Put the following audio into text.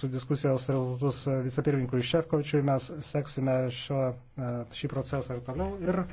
su diskusijos rezultatus vicepirmininkui Šefkovičiui. Mes seksime šio, šį procesą ir toliau. Ir